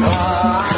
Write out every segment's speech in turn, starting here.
Ah.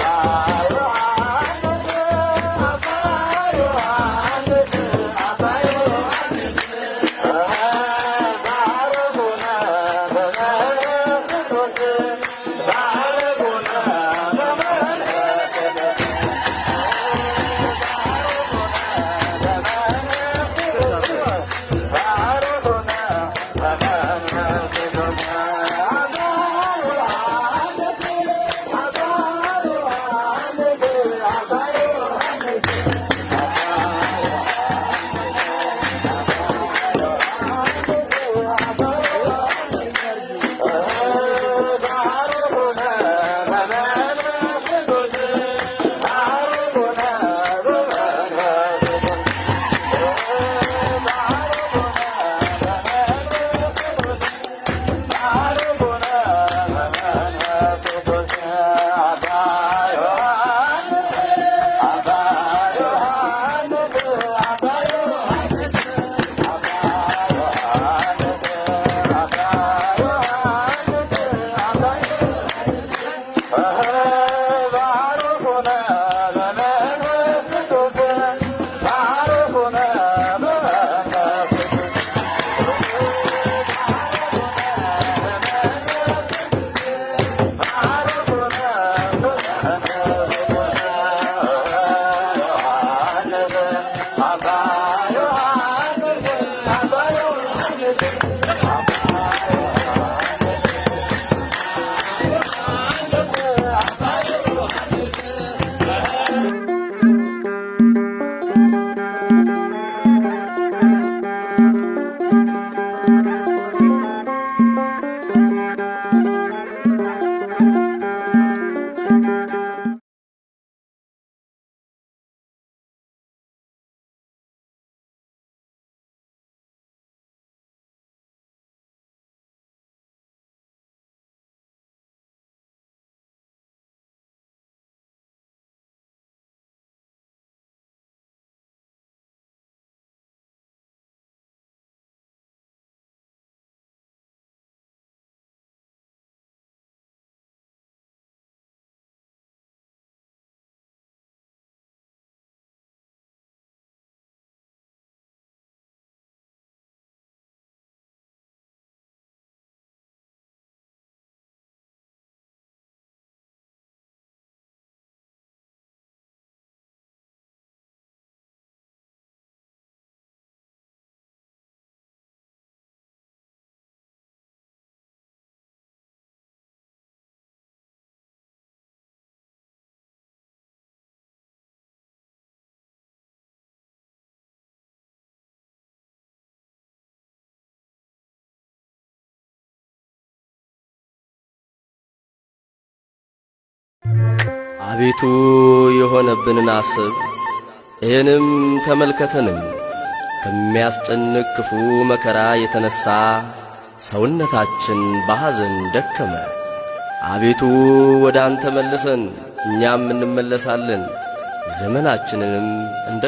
አቤቱ የሆነብንን አስብ፣ ይህንም ተመልከተንም። ከሚያስጨንቅ ክፉ መከራ የተነሣ ሰውነታችን በሐዘን ደከመ። አቤቱ ወደ አንተ መልሰን፣ እኛም እንመለሳለን፣ ዘመናችንንም እንደ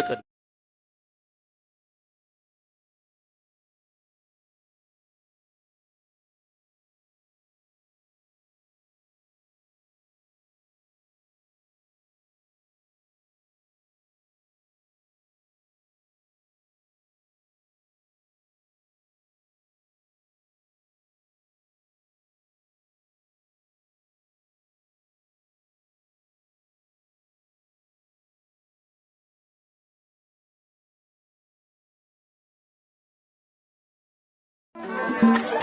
Thank you.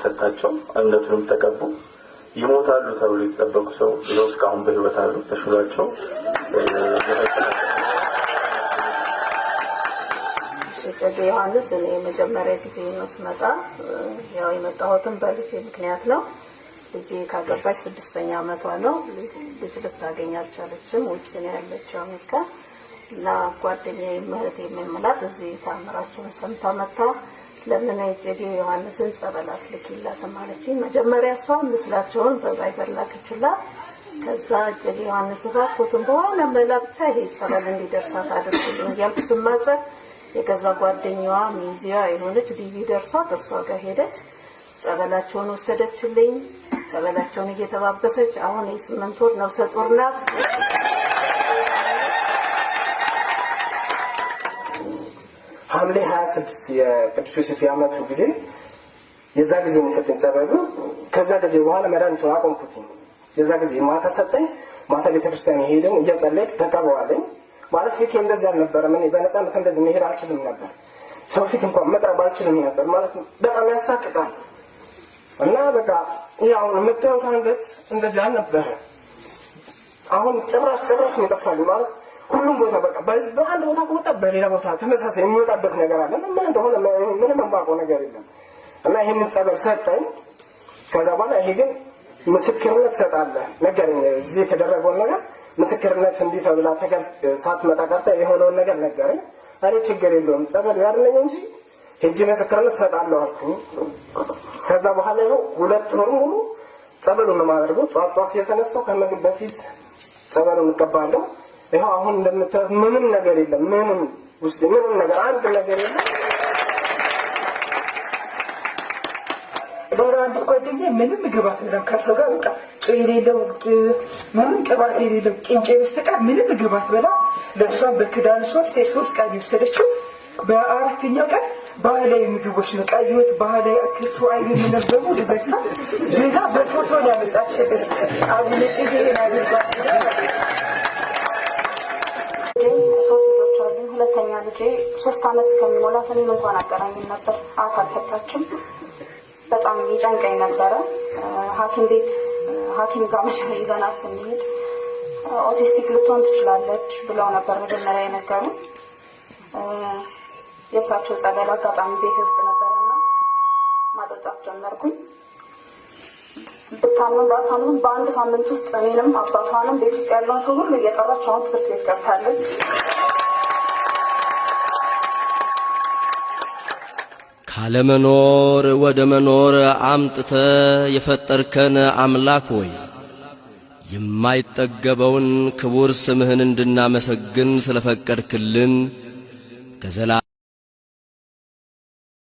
የተሰጣቸው እምነቱንም ተቀቡ ይሞታሉ ተብሎ የተጠበቁ ሰው ይኸው እስካሁን በህይወት አሉ ተሽሏቸው ጨጨ ዮሐንስ እኔ የመጀመሪያ ጊዜ መስመጣ ያው የመጣሁትም በልጅ ምክንያት ነው ልጅ ካገባች ስድስተኛ ዓመቷ ነው ልጅ ልታገኝ አልቻለችም ውጭ ነው ያለችው አሜሪካ እና ጓደኛ ምህረት የምንላት እዚህ ታምራችሁን ሰምታ መታ ለምን አይጤጌ ዮሐንስን ጸበላት ልኪላት ማለችኝ። መጀመሪያ እሷ ምስላቸውን በቫይበር ላከችላት። ከዛ እጨጌ ዮሐንስ ጋር ኮትን በኋላ መላ ብቻ ይሄ ጸበል እንዲደርሳት አድርጉልኝ እያልኩ ስማጸን የገዛ ጓደኛዋ ሚዚያ የሆነች ዲቪ ደርሷት እሷ ጋር ሄደች። ጸበላቸውን ወሰደችልኝ። ጸበላቸውን እየተባበሰች አሁን የስምንት ወር ነፍሰ ጡር ናት። ሐምሌ ሀያ ስድስት የቅዱስ ዮሴፍ የአማቱ ጊዜ የዛ ጊዜ የሚሰጠኝ ጸበሉ ከዛ ጊዜ በኋላ መድኃኒቱ አቆምኩት። የዛ ጊዜ ማታ ሰጠኝ። ማታ ቤተክርስቲያን የሄድን እየጸለይክ ተቀበዋለኝ ማለት ፊት እንደዚህ አልነበረም። እኔ በነፃነት እንደዚህ መሄድ አልችልም ነበር። ሰው ፊት እንኳን መቅረብ አልችልም ነበር ማለት በጣም ያሳቅቃል። እና በቃ ይህ አሁን የምታዩት አንገት እንደዚህ አልነበረ። አሁን ጭራሽ ጭራሽ ይጠፋሉ ማለት ሁሉም ቦታ በቃ በአንድ ቦታ ከወጣ በሌላ ቦታ ተመሳሳይ የሚወጣበት ነገር አለ። ምን እንደሆነ ምንም የማውቀው ነገር የለም። እና ይህን ጸበል ሰጠኝ። ከዛ በኋላ ይሄ ግን ምስክርነት ሰጣለ ነገረኝ። እዚህ የተደረገውን ነገር ምስክርነት እንዲህ ተብላ ሳትመጣ ቀርታ የሆነውን ነገር ነገረኝ። እኔ ችግር የለውም ጸበል ያድነኝ እንጂ ሄጂ ምስክርነት ሰጣለሁ አልኩኝ። ከዛ በኋላ ይኸው ሁለት ወር ሙሉ ጸበሉን ነው የማደርገው። ጧት ጧት የተነሳው ከምግብ በፊት ጸበሉን እቀባለሁ። ይኸው አሁን እንደምታዩት ምንም ነገር የለም። ምንም ውስጥ ምንም ነገር አንድ ነገር የለም። ዶሮ አንድ ጓደኛ ምንም ግባት የለም ከሰው ጋር በቃ ጭው የሌለው ምንም ቅባት የሌለው ቅንጨ በስተቀር ምንም ግባት በላ ለእሷን በክዳን ሶስት የሶስት ቀን የወሰደችው በአራተኛው ቀን ባህላዊ ምግቦች ነው። ቀይ ወጥ፣ ባህላዊ ክትፎ፣ አይብ የምነበሩ ልበትና ሌላ በፎቶ ሊያመጣችልን አቡነ ጭ ይሄን አድርጓ ልጄ ሶስት ልጆች አሉኝ። ሁለተኛ ልጄ ሶስት አመት እስከሚሞላት እኔም እንኳን አገናኝም ነበር። አፍ አልፈታችም። በጣም ይጨንቀኝ ነበረ። ሐኪም ቤት ሐኪም ጋር መሻ ይዘናት ስንሄድ ኦቲስቲክ ልትሆን ትችላለች ብለው ነበር መጀመሪያ የነገሩ። የእሳቸው ጸበል አጋጣሚ ቤት ውስጥ ነበረና ማጠጣት ጀመርኩኝ። ብታምም ባታምም በአንድ ሳምንት ውስጥ እኔንም አባቷንም ቤት ውስጥ ያለውን ሰው ሁሉ እየጠራች አሁን ትምህርት ቤት ገብታለች። ካለመኖር ወደ መኖር አምጥተ የፈጠርከን አምላክ ሆይ የማይጠገበውን ክቡር ስምህን እንድናመሰግን ስለፈቀድክልን ከዘላ